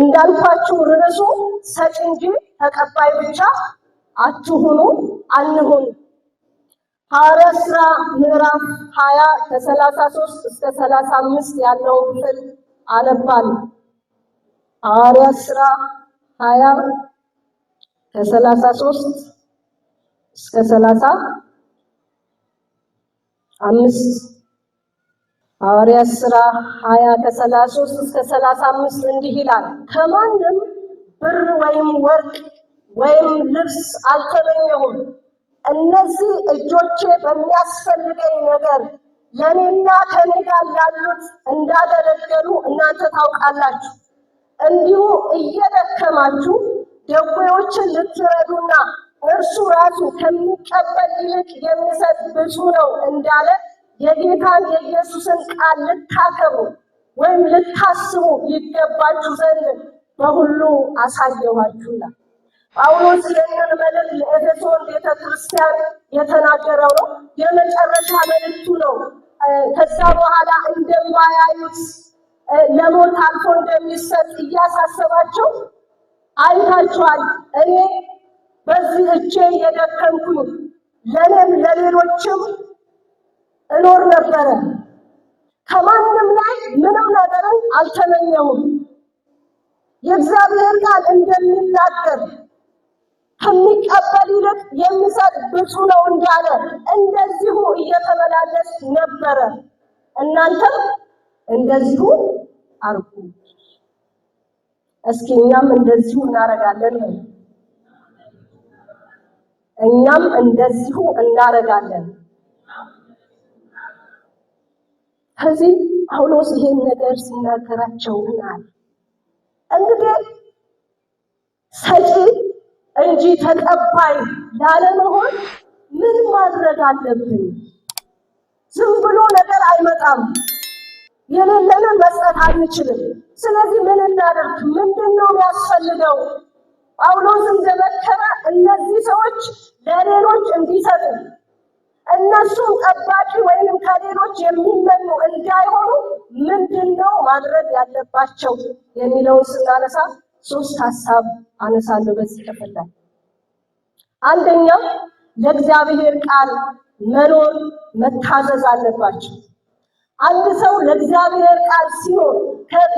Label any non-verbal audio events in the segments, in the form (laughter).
እንዳልኳችሁ ርዕሱ ሰጪ እንጂ ተቀባይ ብቻ አትሁኑ፣ አንሁን። ሐዋርያ ሥራ ምዕራፍ 20 ከ33 እስከ 35 ያለው ክፍል አነባል። ሐዋርያ ሥራ 20 ከ33 እስከ 35 ሐዋርያ ስራ 20 ከ33 እስከ 35 እንዲህ ይላል፣ ከማንም ብር ወይም ወርቅ ወይም ልብስ አልተመኘሁም። እነዚህ እጆቼ በሚያስፈልገኝ ነገር ለኔና ከኔ ጋር ያሉት እንዳገለገሉ እናንተ ታውቃላችሁ። እንዲሁ እየደከማችሁ ደዌዎችን ልትረዱና እርሱ ራሱ ከሚቀበል ይልቅ የሚሰጥ ብዙ ነው እንዳለ የጌታ የኢየሱስን ቃል ልታከቡ ወይም ልታስቡ ይገባችሁ ዘንድ በሁሉ አሳየኋችሁና። ጳውሎስ ይህንን መልእክት ለኤፌሶን ቤተ ክርስቲያን የተናገረው ነው። የመጨረሻ መልእክቱ ነው። ከዛ በኋላ እንደማያዩት ለሞት አልፎ እንደሚሰጥ እያሳሰባቸው አይታችኋል። እኔ በዚህ እጄ የደከምኩኝ ለእኔም ለሌሎችም እኖር ነበረ። ከማንም ላይ ምንም ነገርን አልተመኘውም የእግዚአብሔር ቃል እንደሚናገር ከሚቀበል ይልቅ የሚሰጥ ብዙ ነው እንዳለ እንደዚሁ እየተመላለስ ነበረ። እናንተም እንደዚሁ አርጉ። እስኪ እኛም እንደዚሁ እናረጋለን። እኛም እንደዚሁ እናረጋለን። ከዚህ ጳውሎስ ይሄን ነገር ሲናገራቸው ናል እንግዲህ ሰጪ እንጂ ተቀባይ ላለመሆን ምን ማድረግ አለብን? ዝም ብሎ ነገር አይመጣም። የሌለንን መስጠት አንችልም። ስለዚህ ምን እናደርግ? ምንድን ነው የሚያስፈልገው? ጳውሎስ እንደመከረ እነዚህ ሰዎች ለሌሎች እንዲሰጡ እነሱም ጠባቂ ወይም ከሌሎች የሚመኑ እንዳይሆኑ ምንድን ነው ማድረግ ያለባቸው የሚለውን ስናነሳ ሶስት ሀሳብ አነሳለሁ በዚህ ክፍል ላይ። አንደኛው ለእግዚአብሔር ቃል መኖር መታዘዝ አለባቸው። አንድ ሰው ለእግዚአብሔር ቃል ሲኖር፣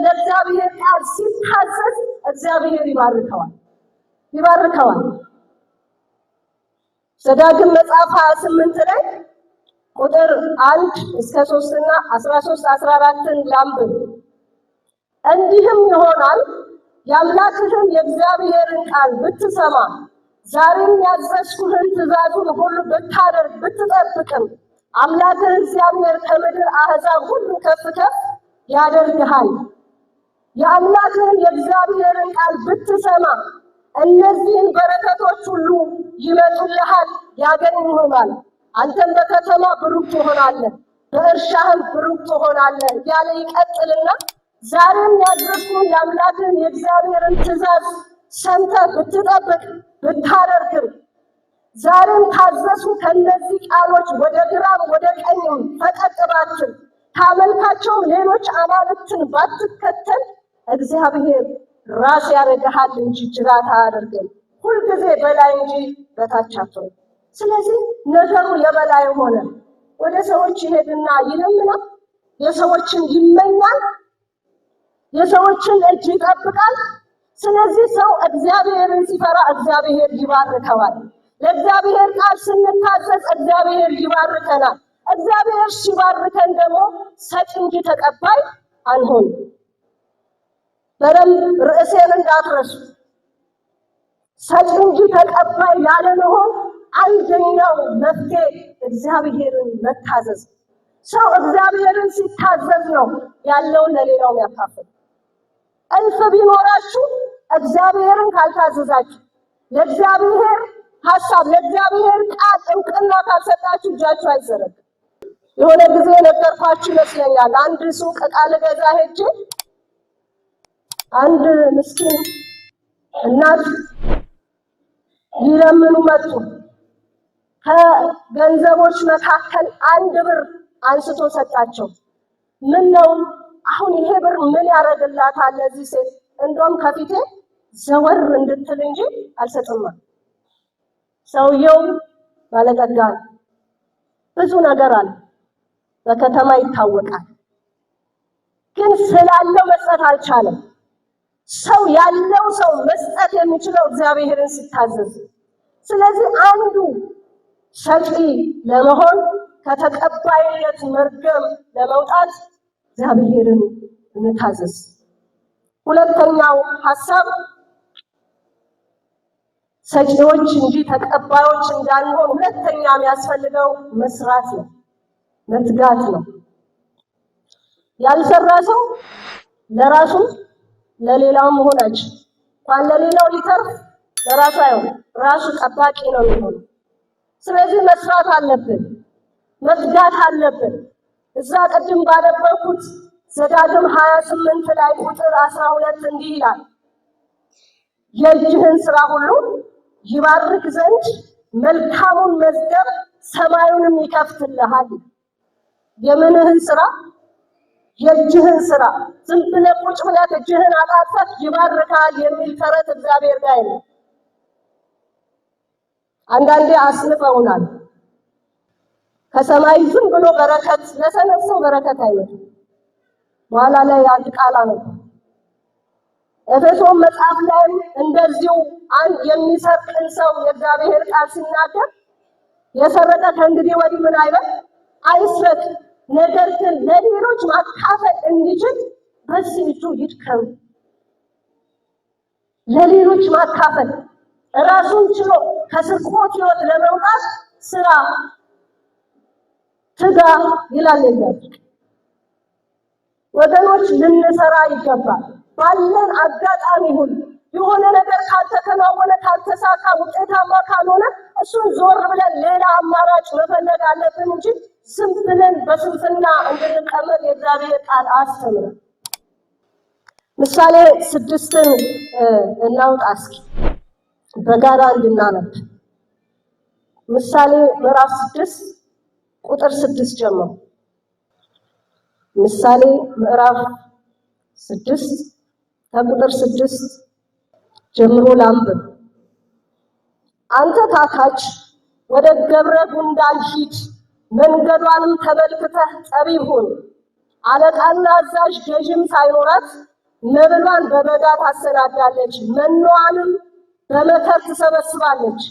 ለእግዚአብሔር ቃል ሲታዘዝ እግዚአብሔር ይባርከዋል ይባርከዋል። ዘዳግም መጽሐፍ 28 ላይ ቁጥር 1 እስከ 3 እና 13 14ን ላምብ። እንዲህም ይሆናል የአምላክህን የእግዚአብሔርን ቃል ብትሰማ ዛሬም ያዘዝኩህን ትእዛዙን ሁሉ ብታደርግ ብትጠብቅም አምላክህ እግዚአብሔር ከምድር አሕዛብ ሁሉ ከፍ ከፍ ያደርግሃል። የአምላክህን የእግዚአብሔርን ቃል ብትሰማ እነዚህን በረከቶች ሁሉ ይመጡልሃል፣ ይሆናል አንተም በከተማ ብሩክ ትሆናለህ፣ በእርሻህም ብሩክ ትሆናለህ እያለ ይቀጥልና ዛሬም ያድረሱን የአምላክን የእግዚአብሔርን ትእዛዝ ሰምተህ ብትጠብቅ ብታደርግም ዛሬም ታዘሱ ከእነዚህ ቃሎች ወደ ግራም ወደ ቀኝም ፈቀቅ ባትል ሌሎች አማልክትን ባትከተል እግዚአብሔር ራስ ያደርግሃል እንጂ ጅራት አያደርግም። ሁልጊዜ በላይ እንጂ በታች አትሆን። ስለዚህ ነገሩ የበላይ ሆነ። ወደ ሰዎች ይሄድና ይለምናል፣ የሰዎችን ይመኛል፣ የሰዎችን እጅ ይጠብቃል። ስለዚህ ሰው እግዚአብሔርን ሲፈራ እግዚአብሔር ይባርከዋል። ለእግዚአብሔር ቃል ስንታዘዝ እግዚአብሔር ይባርከናል። እግዚአብሔር ሲባርከን ደግሞ ሰጪ እንጂ ተቀባይ አንሆንም። በደንብ ርዕሴን እንዳትረሱ። ሰጪ እንጂ ተቀባይ ላለመሆን አንደኛው መፍትሄ እግዚአብሔርን መታዘዝ። ሰው እግዚአብሔርን ሲታዘዝ ነው ያለውን ለሌላው ያካፍል። እልፍ ቢኖራችሁ እግዚአብሔርን ካልታዘዛችሁ፣ ለእግዚአብሔር ሀሳብ ለእግዚአብሔር ቃል እውቅና ካልሰጣችሁ እጃችሁ አይዘረግም። የሆነ ጊዜ ነገርኳችሁ ይመስለኛል። አንድ ሱቅ ዕቃ ልገዛ ሄጄ አንድ ምስኪን እናት ሊለምኑ መጡ። ከገንዘቦች መካከል አንድ ብር አንስቶ ሰጣቸው። ምን ነው አሁን ይሄ ብር ምን ያደርግላታል ለዚህ ሴት? እንደውም ከፊቴ ዘወር እንድትል እንጂ አልሰጥማ። ሰውየው ባለጠጋ ብዙ ነገር አለ፣ በከተማ ይታወቃል። ግን ስላለው መስጠት አልቻለም። ሰው ያለው ሰው መስጠት የሚችለው እግዚአብሔርን ሲታዘዝ። ስለዚህ አንዱ ሰጪ ለመሆን ከተቀባይነት መርገም ለመውጣት እግዚአብሔርን እንታዘዝ። ሁለተኛው ሀሳብ ሰጪዎች እንጂ ተቀባዮች እንዳንሆን ሁለተኛ የሚያስፈልገው መስራት ነው፣ መትጋት ነው። ያልሰራ ሰው ለራሱ ለሌላውም ሆነች እንኳን ለሌላው ሊተርፍ ለራሱ አይሆን ራሱ ጠባቂ ነው የሚሆነው። ስለዚህ መስራት አለብን፣ መትጋት አለብን። እዛ ቅድም ባነበርኩት ዘዳግም 28 ላይ ቁጥር 12 እንዲላል እንዲህ ይላል የእጅህን ስራ ሁሉ ይባርክ ዘንድ መልካሙን መዝገብ ሰማዩንም ይከፍትልሃል። የምንህን ስራ የእጅህን ስራ ዝም ብለህ ቁጭ ብለህ እጅህን አጣጥፈህ ይባርካል የሚል ተረት እግዚአብሔር ጋር የለም። አንዳንዴ አስንፈውናል። ከሰማይ ዝም ብሎ በረከት ለሰነፍ ሰው በረከት አይመጣም። በኋላ ላይ አንድ ቃል ነው ኤፌሶን መጽሐፍ ላይ እንደዚሁ አንድ የሚሰርቅን ሰው የእግዚአብሔር ቃል ሲናገር የሰረቀ ከእንግዲህ ወዲህ ምን አይበል አይስረቅ ነገር ግን ለሌሎች ማካፈል እንዲችል በዚህ እጁ ይድከም። ለሌሎች ማካፈል ራሱን ችሎ ከስርቆት ህይወት ለመውጣት ስራ ትጋ ይላል ወገኖች ልንሰራ ይገባል። ባለን አጋጣሚ ሁሉ የሆነ ነገር ካልተከናወነ፣ ካልተሳካ፣ ውጤታማ ካልሆነ እሱን ዞር ብለን ሌላ አማራጭ መፈለግ አለብን እንጂ ዝም በስንፍና እንድንቀመጥ የእግዚአብሔር ቃል አስተምረ። ምሳሌ ስድስትን እናውጣ እስኪ በጋራ እንድናነብ። ምሳሌ ምዕራፍ ስድስት ቁጥር ስድስት ጀምሮ ምሳሌ ምዕራፍ ስድስት ከቁጥር ስድስት ጀምሮ ላንብብ። አንተ ታካች ወደ ገብረ ጉንዳን ሂድ መንገዷንም ተመልክተህ ጠቢብ ሁን። አለቃና አዛዥ ገዥም ሳይኖራት መብሏን በበጋ ታሰናዳለች፣ መኖዋንም በመከር ትሰበስባለች።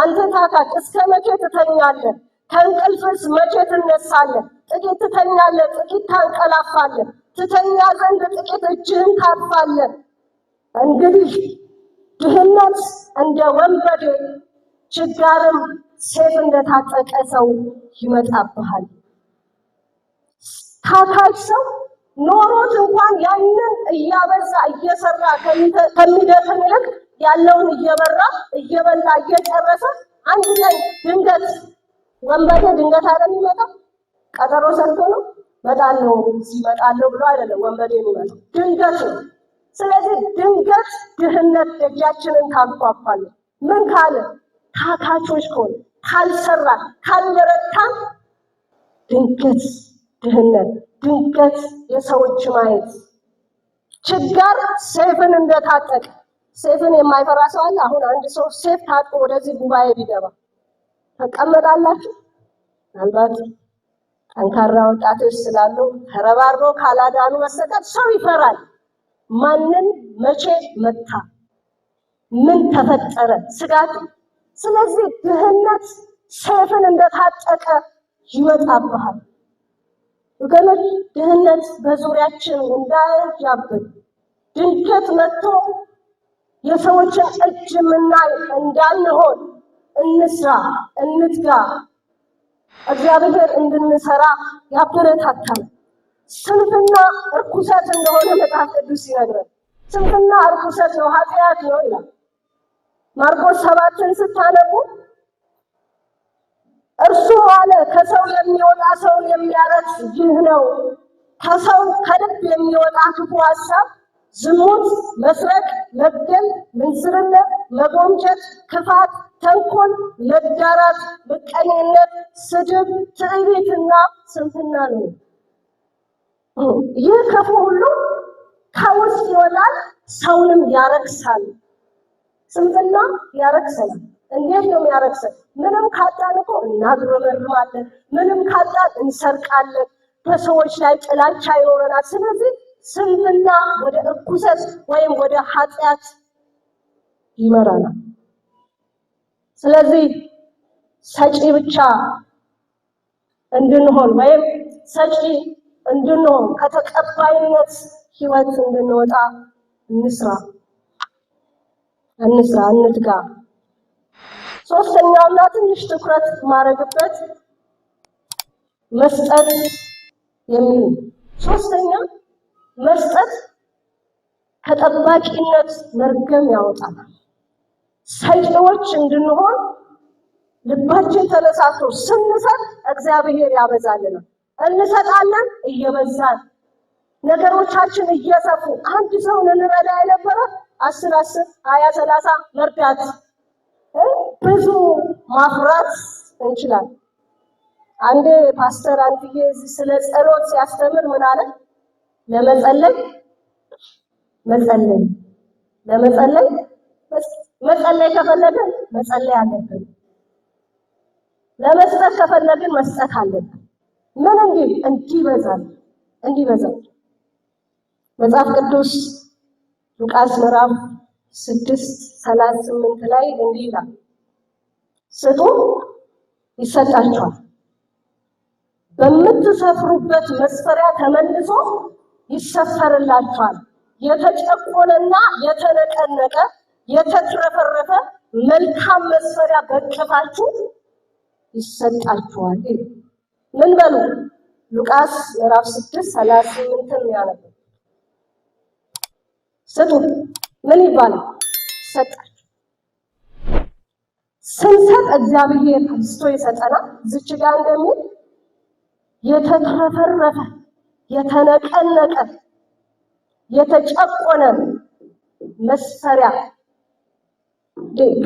አንተ ታታቅ እስከ መቼ ትተኛለህ? ከእንቅልፍስ መቼ ትነሳለህ? ጥቂት ትተኛለህ፣ ጥቂት ታንቀላፋለህ፣ ትተኛ ዘንድ ጥቂት እጅህን ታጥፋለህ። እንግዲህ ድህነት እንደ ወንበዴ ችጋርም ሰይፍ እንደታጠቀ ሰው ይመጣብሃል። ታካች ሰው ኖሮት እንኳን ያንን እያበዛ እየሰራ ከሚደክም ይልቅ ያለውን እየበራ እየበላ እየጨረሰ አንድ ላይ ድንገት ወንበዴ ድንገት አይደል የሚመጣው። ቀጠሮ ሰጥቶ ነው መጣለው ሲመጣለው ብሎ አይደለም ወንበዴ የሚመጣው ድንገት ነው። ስለዚህ ድንገት ድህነት ደጃችንን ታንኳኳለ። ምን ካለ ታካቾች ከሆነ ካልሰራን፣ ካልበረታን ድንገት ድህነት፣ ድንገት የሰዎች ማየት፣ ችጋር ሴፍን እንደታጠቀ ሴፍን የማይፈራ ሰው አለ። አሁን አንድ ሰው ሴፍ ታጥቆ ወደዚህ ጉባኤ ቢገባ ተቀመጣላችሁ? ምናልባት ጠንካራ ወጣቶች ስላሉ ተረባሮ ካላዳኑ በስተቀር ሰው ይፈራል። ማንን መቼ መታ ምን ተፈጠረ ስጋቱ ስለዚህ ድህነት ሰይፍን እንደታጠቀ ይወጣብሃል። ወገኖች ድህነት በዙሪያችን እንዳያብብ ድንገት መጥቶ የሰዎችን እጅ የምናይ እንዳንሆን እንስራ፣ እንትጋ። እግዚአብሔር እንድንሰራ ያበረታታል። ስንፍና እርኩሰት እንደሆነ መጽሐፍ ቅዱስ ይነግራል። ስንፍና እርኩሰት ነው፣ ኃጢአት ነው ይላል። ማርቆስ ሰባትን ስታነቡ እርሱ አለ ከሰው የሚወጣ ሰውን የሚያረክስ ይህ ነው። ከሰው ከልብ የሚወጣ ክፉ ሀሳብ ዝሙት፣ መስረቅ፣ መግደል፣ ምንዝርነት፣ መጎንጨት፣ ክፋት፣ ተንኮል፣ መጋራት፣ ምቀኝነት፣ ስድብ፣ ትዕቢትና ስንፍና ነው። ይህ ክፉ ሁሉ ከውስጥ ይወጣል፣ ሰውንም ያረክሳል። ስንፍና ያረክሰናል። እንዴት ነው የሚያረክሰን? ምንም ካጣን እኮ እናግረመርማለን። ምንም ካጣን እንሰርቃለን። በሰዎች ላይ ጥላቻ ይኖረናል። ስለዚህ ስንፍና ወደ እርኩሰት ወይም ወደ ኃጢአት ይመራናል። ስለዚህ ሰጪ ብቻ እንድንሆን ወይም ሰጪ እንድንሆን ከተቀባይነት ህይወት እንድንወጣ እንስራ። እንስራ፣ እንትጋ። ሶስተኛውና ትንሽ ትኩረት ማድረግበት መስጠት የሚል ሶስተኛ መስጠት ከጠባቂነት መርገም ያወጣል። ሰጪዎች እንድንሆን ልባችን ተነሳስቶ ስንሰጥ እግዚአብሔር ያበዛልን። እንሰጣለን እየበዛን ነገሮቻችን እየሰፉ አንድ ሰውን እንረዳ የነበረ አስር አስር ሀያ ሰላሳ መርዳት ብዙ ማፍራት እንችላል። አንዴ ፓስተር አንድዬ እዚህ ስለ ጸሎት ሲያስተምር ምን አለ? ለመጸለይ መጸለይ ለመጸለይ መጸለይ ከፈለግን መጸለይ አለብን። ለመስጠት ከፈለግን መስጠት አለብን። ምን እንዲህ እንዲበዛል እንዲበዛል መጽሐፍ ቅዱስ ሉቃስ ምዕራፍ ስድስት ሰላሳ ስምንት ላይ እንዲህ ይላል፣ ስጡ ይሰጣችኋል፣ በምትሰፍሩበት መስፈሪያ ተመልሶ ይሰፈርላችኋል፣ የተጨቆነና የተነቀነቀ የተትረፈረፈ መልካም መስፈሪያ በእቅፋችሁ ይሰጣችኋል። ምን በሉ ሉቃስ ምዕራፍ ስድስት ሰላሳ ስምንትን ያነበ ስጡ ምን ይባላል? ይሰጣል። ስንሰጥ እግዚአብሔር አንስቶ ይሰጠናል። ዝች ጋር እንደሚል የተትረፈረፈ የተነቀነቀ የተጨቆነ መስፈሪያ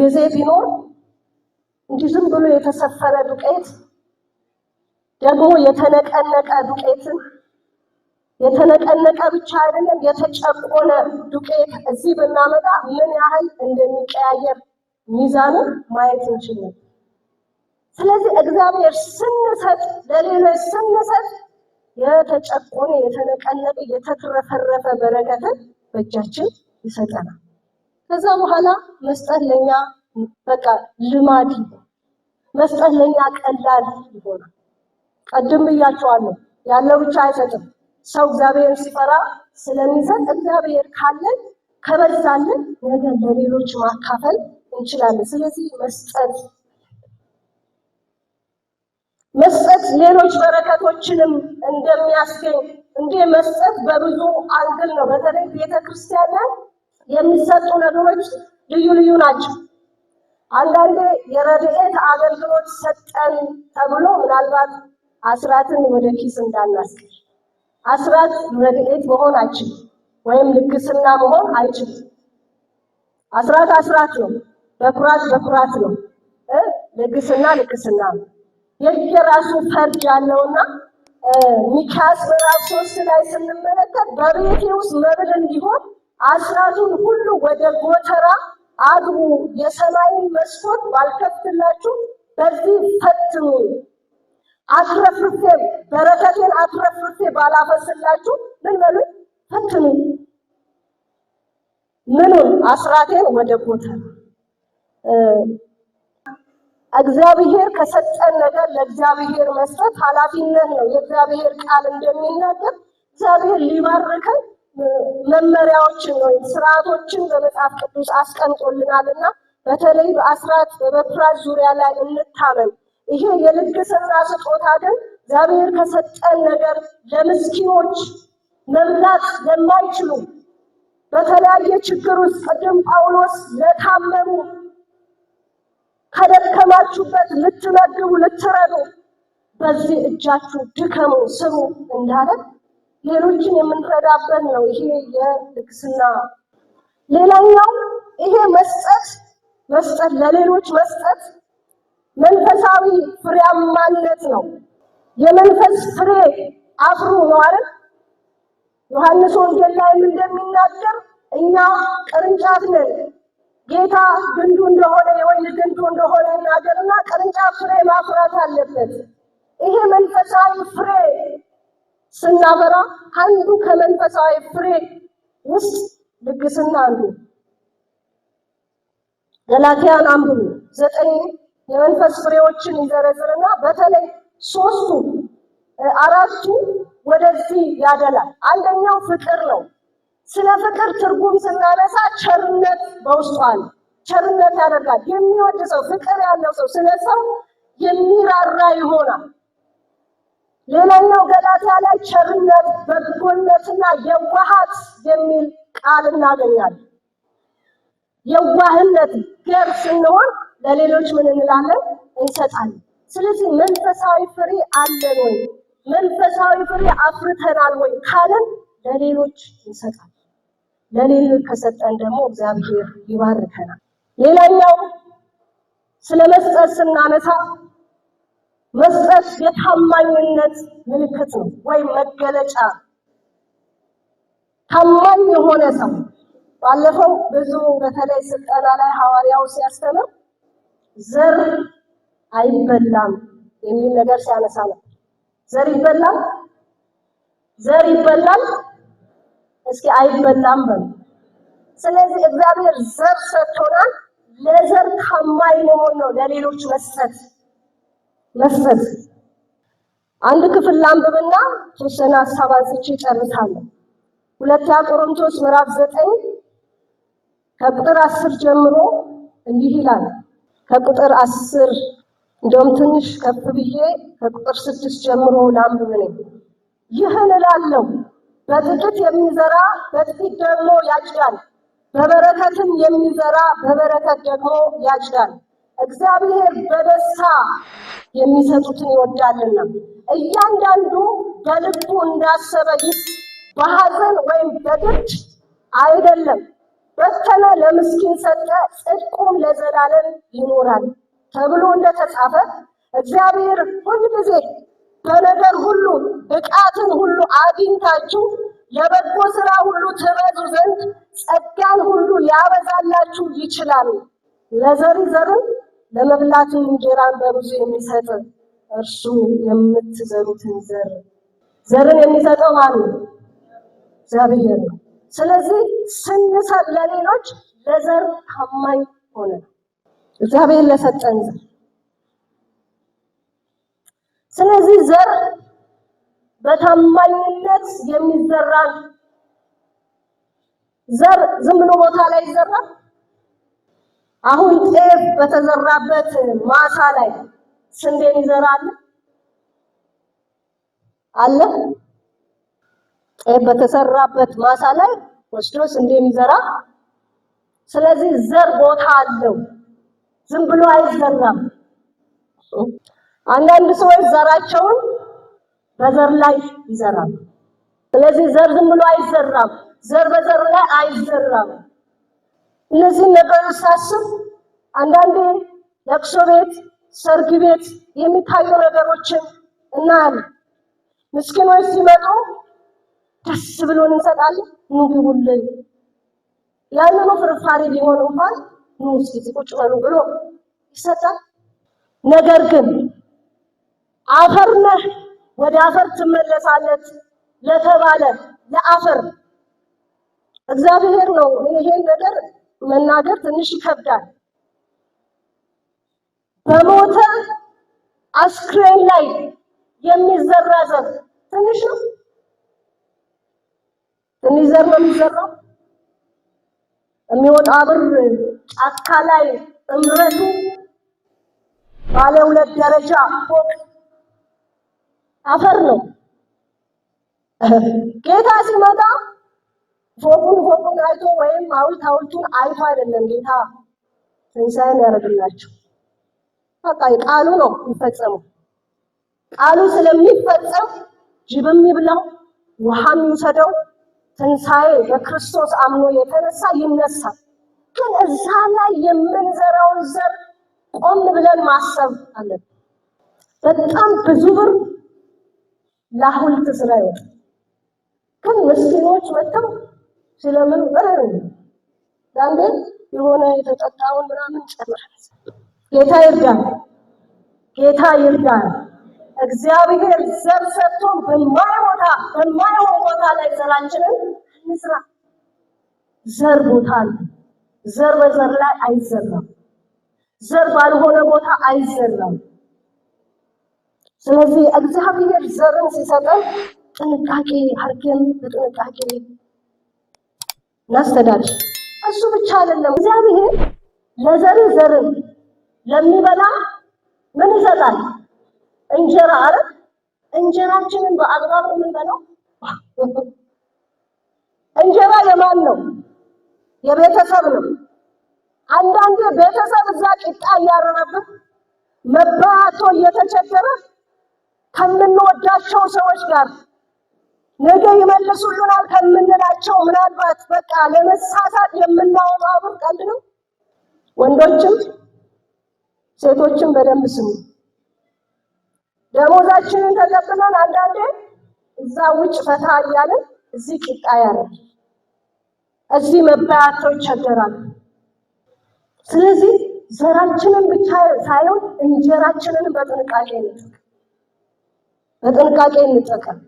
ጊዜ ቢኖር እንዲህ ዝም ብሎ የተሰፈረ ዱቄት ደግሞ የተነቀነቀ ዱቄትን የተነቀነቀ ብቻ አይደለም፣ የተጨቆነ ዱቄት እዚህ ብናመጣ ምን ያህል እንደሚቀያየር ሚዛንን ማየት እንችላለን። ስለዚህ እግዚአብሔር ስንሰጥ፣ ለሌሎች ስንሰጥ የተጨቆነ የተነቀነቀ የተትረፈረፈ በረከትን በእጃችን ይሰጠናል። ከዛ በኋላ መስጠት ለኛ በቃ ልማድ ይሆናል። መስጠት ለኛ ቀላል ይሆናል። ቀድም ብያቸዋለሁ፣ ያለው ብቻ አይሰጥም ሰው እግዚአብሔር ሲፈራ ስለሚሰጥ እግዚአብሔር ካለን ከበዛልን ነገር ለሌሎች ማካፈል እንችላለን። ስለዚህ መስጠት መስጠት ሌሎች በረከቶችንም እንደሚያስገኝ እንዴ መስጠት በብዙ አንግል ነው። በተለይ ቤተክርስቲያን ላይ የሚሰጡ ነገሮች ልዩ ልዩ ናቸው። አንዳንዴ የረድኤት አገልግሎት ሰጠን ተብሎ ምናልባት አስራትን ወደ ኪስ እንዳናስገኝ አስራት ረድኤት መሆን አይችልም፣ ወይም ልግስና መሆን አይችልም። አስራት አስራት ነው፣ በኩራት በኩራት ነው፣ ልግስና ልግስና ነው። የየራሱ ፈርጅ ያለውና ሚክያስ ምዕራፍ ሶስት ላይ ስንመለከት በቤቴ ውስጥ መብል እንዲሆን አስራቱን ሁሉ ወደ ጎተራ አግቡ፣ የሰማይን መስኮት ባልከፍትላችሁ በዚህ ፈትኑ አትረፍርፌ በረከቴን አትረፍርፌ ባላፈስላችሁ ምን በሉ ፈትኑ። ምኑ አስራቴን ወደ ቦታ እግዚአብሔር ከሰጠን ነገር ለእግዚአብሔር መስጠት ኃላፊነት ነው። የእግዚአብሔር ቃል እንደሚናገር እግዚአብሔር ሊባርከን መመሪያዎችን ወይም ስርዓቶችን በመጽሐፍ ቅዱስ አስቀምጦልናልና በተለይ በአስራት በበኩራት ዙሪያ ላይ እንታመን። ይሄ የልግስና ስጦታ ግን እግዚአብሔር ከሰጠን ነገር ለምስኪኖች መብላት ለማይችሉ በተለያየ ችግር ውስጥ ቅድም ጳውሎስ ለታመሙ ከደከማችሁበት ልትመግቡ ልትረዱ በዚህ እጃችሁ ድከሙ ስሩ እንዳለ ሌሎችን የምንረዳበት ነው። ይሄ የልግስና ሌላኛው ይሄ መስጠት መስጠት ለሌሎች መስጠት መንፈሳዊ ፍሬያማነት ነው። የመንፈስ ፍሬ አፍሩ ነው አይደል? ዮሐንስ ወንጌል ላይም እንደሚናገር እኛ ቅርንጫፍ ነን፣ ጌታ ግንዱ እንደሆነ የወይን ግንዱ እንደሆነ ይናገርና ቅርንጫፍ ፍሬ ማፍራት አለበት። ይሄ መንፈሳዊ ፍሬ ስናበራ አንዱ ከመንፈሳዊ ፍሬ ውስጥ ልግስና አንዱ ገላትያን አንብቡ ዘጠኝ የመንፈስ ፍሬዎችን ይዘረዝርና በተለይ ሶስቱ አራቱ ወደዚህ ያደላል። አንደኛው ፍቅር ነው። ስለ ፍቅር ትርጉም ስናነሳ ቸርነት በውስጡ አለ። ቸርነት ያደርጋል። የሚወድ ሰው ፍቅር ያለው ሰው ስለ ሰው የሚራራ ይሆናል። ሌላኛው ገላትያ ላይ ቸርነት፣ በጎነትና የዋሃት የሚል ቃል እናገኛለን። የዋህነት ገር ስንሆን ለሌሎች ምን እንላለን? እንሰጣለን። ስለዚህ መንፈሳዊ ፍሬ አለን ወይ መንፈሳዊ ፍሬ አፍርተናል ወይ ካለን ለሌሎች እንሰጣለን። ለሌሎች ከሰጠን ደግሞ እግዚአብሔር ይባርከናል። ሌላኛው ስለ መስጠት ስናነሳ መስጠት የታማኝነት ምልክት ነው ወይም መገለጫ። ታማኝ የሆነ ሰው ባለፈው ብዙ በተለይ ስልጠና ላይ ሐዋርያው ሲያስተምር ዘር አይበላም የሚል ነገር ሲያነሳ ነው። ዘር ይበላል፣ ዘር ይበላል። እስኪ አይበላም በሉ። ስለዚህ እግዚአብሔር ዘር ሰጥቶናል። ለዘር ታማኝ መሆን ነው፣ ለሌሎች መስጠት መስጠት። አንድ ክፍል ላንብብና ተወሰነ ሀሳብ አንስቼ እጨርሳለሁ። ሁለተኛ ቆሮንቶስ ምዕራፍ ዘጠኝ ከቁጥር አስር ጀምሮ እንዲህ ይላል ከቁጥር አስር እንደውም ትንሽ ከፍ ብዬ ከቁጥር ስድስት ጀምሮ ላንብብ ይህን እላለሁ በጥቂት የሚዘራ በጥቂት ደግሞ ያጭዳል፣ በበረከትም የሚዘራ በበረከት ደግሞ ያጭዳል። እግዚአብሔር በደስታ የሚሰጡትን ይወዳልና። እያንዳንዱ በልቡ እንዳሰበ ይስ በሐዘን ወይም በግድ አይደለም። በተነ ለምስኪን ሰጠ፣ ጽድቁም ለዘላለም ይኖራል ተብሎ እንደተጻፈ እግዚአብሔር ሁል ጊዜ በነገር ሁሉ ብቃትን ሁሉ አግኝታችሁ ለበጎ ስራ ሁሉ ትበዙ ዘንድ ጸጋን ሁሉ ሊያበዛላችሁ ይችላል። ለዘሪ ዘርን ለመብላትም እንጀራን በብዙ የሚሰጥ እርሱ የምትዘሩትን ዘር ዘርን የሚሰጠው ማን ነው? እግዚአብሔር ነው። ስለዚህ ስንሰብ ለሌሎች ለዘር ታማኝ ሆነ እግዚአብሔር ለሰጠን ዘር ስለዚህ ዘር በታማኝነት የሚዘራ ዘር ዝም ብሎ ቦታ ላይ ይዘራል። አሁን ጤፍ በተዘራበት ማሳ ላይ ስንዴን ይዘራል አለ በተሰራበት ማሳ ላይ ወስዶ ስንዴ የሚዘራ ስለዚህ ዘር ቦታ አለው። ዝም ብሎ አይዘራም። አንዳንድ ሰዎች ዘራቸውን በዘር ላይ ይዘራል። ስለዚህ ዘር ዝም ብሎ አይዘራም። ዘር በዘር ላይ አይዘራም። እነዚህ ነገሮች ሳስብ አንዳንዴ ለቅሶ ቤት፣ ሰርግ ቤት የሚታዩ ነገሮችን እናያለን። ምስኪኖች ሲመጡ ቁርስ ብሎን እንሰጣለን። ኑ ግቡልን። ያንኑ ፍርፋሪ ቢሆን እንኳን ኑ እስኪ ቁጭ በሉ ብሎ ይሰጣል። ነገር ግን አፈር ነህ ወደ አፈር ትመለሳለት ለተባለ ለአፈር እግዚአብሔር ነው። ይሄን ነገር መናገር ትንሽ ይከብዳል። በሞተ አስክሬን ላይ የሚዘራ ዘር ትንሽ ነው። ስንዘር ነው የሚዘራው። የሚወጣ ብር ጫካ ላይ እምረቱ ባለ ሁለት ደረጃ ፎቅ አፈር ነው። (laughs) ጌታ ሲመጣ ፎቁን ፎቁን አይቶ ወይም ሐውልት ሐውልቱን አይቶ አይደለም ጌታ ትንሣኤን ያደርግላቸው። በቃ ቃሉ ነው የሚፈጸመው። ቃሉ ስለሚፈጸም ጅብም ይብላው ውሃም ይውሰደው ትንሣኤ በክርስቶስ አምኖ የተነሳ ይነሳል። ግን እዛ ላይ የምንዘራውን ዘር ቆም ብለን ማሰብ አለን። በጣም ብዙ ብር ለአሁን ትስራ ይሆናል። ግን ምስኪኖች መጥተው ስለምን ብር ዛንዴ የሆነ የተጠጣውን ምናምን ጨምራል። ጌታ ይርዳል። ጌታ ይርዳል። እግዚአብሔር ዘር ሰጥቶ በማይቦታ በማይሆን ቦታ ላይ ዘራችንን እንስራ። ዘር ቦታ ዘር በዘር ላይ አይዘራም። ዘር ባልሆነ ቦታ አይዘራም። ስለዚህ እግዚአብሔር ዘርን ሲሰጠን ጥንቃቄ አርገን በጥንቃቄ እናስተዳድር። እሱ ብቻ አይደለም እግዚአብሔር ለዘር ዘርን ለሚበላ ምን ይሰጣል? እንጀራ አረ እንጀራችንን በአግባብ የምንበላው እንጀራ የማን ነው? የቤተሰብ ነው። አንዳንዴ ቤተሰብ እዛ ቂጣ እያረረብን መባቶ እየተቸገረ ከምንወዳቸው ሰዎች ጋር ነገ ይመልሱልናል ከምንላቸው ምናልባት በቃ ለመሳሳት የምናወራው ቀልድ ነው። ወንዶችም ሴቶችም በደንብ ስሙ። ደሞዛችንን ተቀብለን አንዳንዴ እዛ ውጭ ፈታ እያለን እዚህ ቂጣ ያለ እዚህ መባያቸው ይቸገራል። ስለዚህ ዘራችንን ብቻ ሳይሆን እንጀራችንን በጥንቃቄ እንጠቀም፣ በጥንቃቄ እንጠቀም።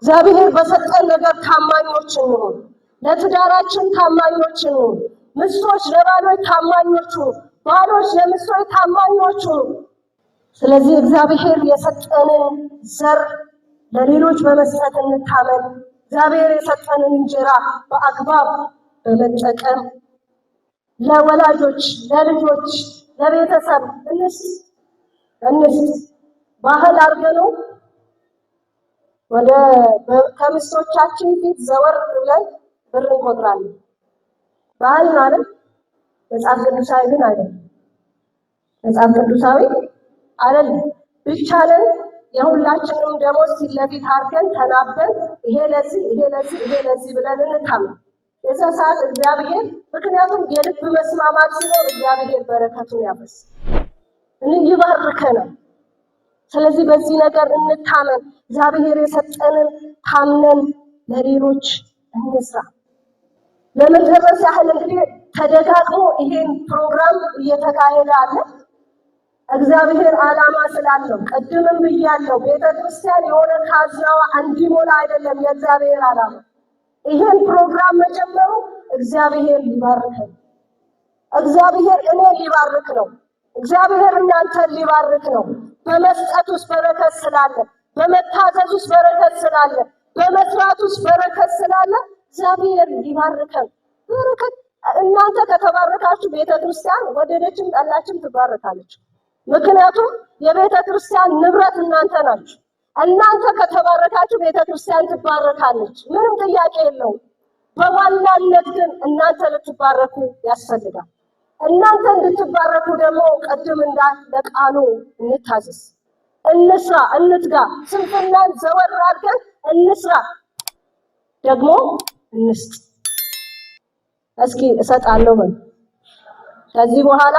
እግዚአብሔር በሰጠን ነገር ታማኞች እንሆን፣ ለትዳራችን ታማኞች እንሆን። ሚስቶች ለባሎች ታማኞች ባሎች ለሚስቶች ታማኞች ሁኑ። ስለዚህ እግዚአብሔር የሰጠንን ዘር ለሌሎች በመስጠት እንታመን። እግዚአብሔር የሰጠንን እንጀራ በአግባብ በመጠቀም ለወላጆች፣ ለልጆች፣ ለቤተሰብ እንስ እንስ ባህል አድርገነው ወደ ከሚስቶቻችን ፊት ዘወር ብለን ብር እንቆጥራለን። ባህል ማለት መጽሐፍ ቅዱሳዊ ግን አይደለም። መጽሐፍ ቅዱሳዊ አይደለም ብቻለን የሁላችንም ደሞዝ ፊት ለፊት አድርገን ተናበን ይሄ ለዚህ ይሄ ለዚህ ይሄ ለዚህ ብለን እንታም የዛ ሰዓት እግዚአብሔር ምክንያቱም የልብ መስማማት ሲኖር እግዚአብሔር በረከቱን ያበስ ነው። ስለዚህ በዚህ ነገር እንታመን። እግዚአብሔር የሰጠንን ታምነን ለሌሎች እንስራ። ለመጨረስ ያህል እንግዲህ ተደጋግሞ ይሄን ፕሮግራም እየተካሄደ አለ። እግዚአብሔር ዓላማ ስላለው ቅድምም ብያለው፣ ቤተ ክርስቲያን የሆነ ካዝናዋ እንዲሞላ አይደለም የእግዚአብሔር ዓላማ። ይህን ፕሮግራም መጀመሩ እግዚአብሔር ሊባርክ እግዚአብሔር እኔ ሊባርክ ነው። እግዚአብሔር እናንተ ሊባርክ ነው። በመስጠት ውስጥ በረከት ስላለ፣ በመታዘዝ ውስጥ በረከት ስላለ፣ በመስራት ውስጥ በረከት ስላለ እግዚአብሔር ሊባርከን በረከት እናንተ ከተባረካችሁ ቤተ ክርስቲያን ወደደችም ጠላችም ትባረካለች። ምክንያቱም የቤተ ክርስቲያን ንብረት እናንተ ናችሁ። እናንተ ከተባረካችሁ ቤተ ክርስቲያን ትባረካለች፣ ምንም ጥያቄ የለውም። በዋናነት ግን እናንተ ልትባረኩ ያስፈልጋል። እናንተ እንድትባረኩ ደግሞ ቅድም እንዳል ለቃሉ እንታዘዝ፣ እንስራ፣ እንትጋ። ስንፍናን ዘወር አድርገን እንስራ፣ ደግሞ እንስጥ። እስኪ እሰጣለሁ ከዚህ በኋላ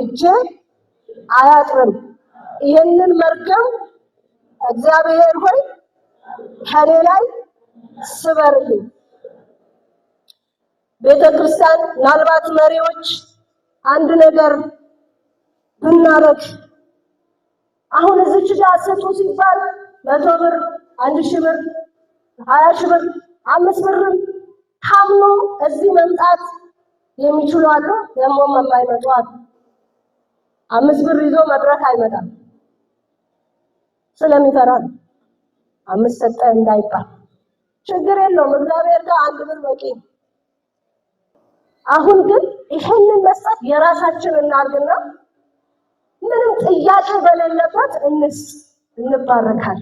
እጅ አያጥርም። ይህንን መርገም እግዚአብሔር ሆይ ከኔ ላይ ስበርልኝ። ቤተ ክርስቲያን ምናልባት መሪዎች አንድ ነገር ብናረግ አሁን እዚች ጋ ሰጡ ሲባል መቶ ብር፣ አንድ ሺህ ብር፣ ሀያ ሺህ ብር፣ አምስት ብርም ታምኖ እዚህ መምጣት የሚችሉ አሉ፣ ደግሞ የማይመጡ አሉ። አምስት ብር ይዞ መድረክ አይመጣም። ስለሚፈራ ነው። አምስት ሰጠ እንዳይባል ችግር የለውም። እግዚአብሔር ጋር አንድ ብር በቂ ነው። አሁን ግን ይሄንን መስጠት የራሳችን እናድርግና ምንም ጥያቄ በሌለበት እንስ እንባረካል።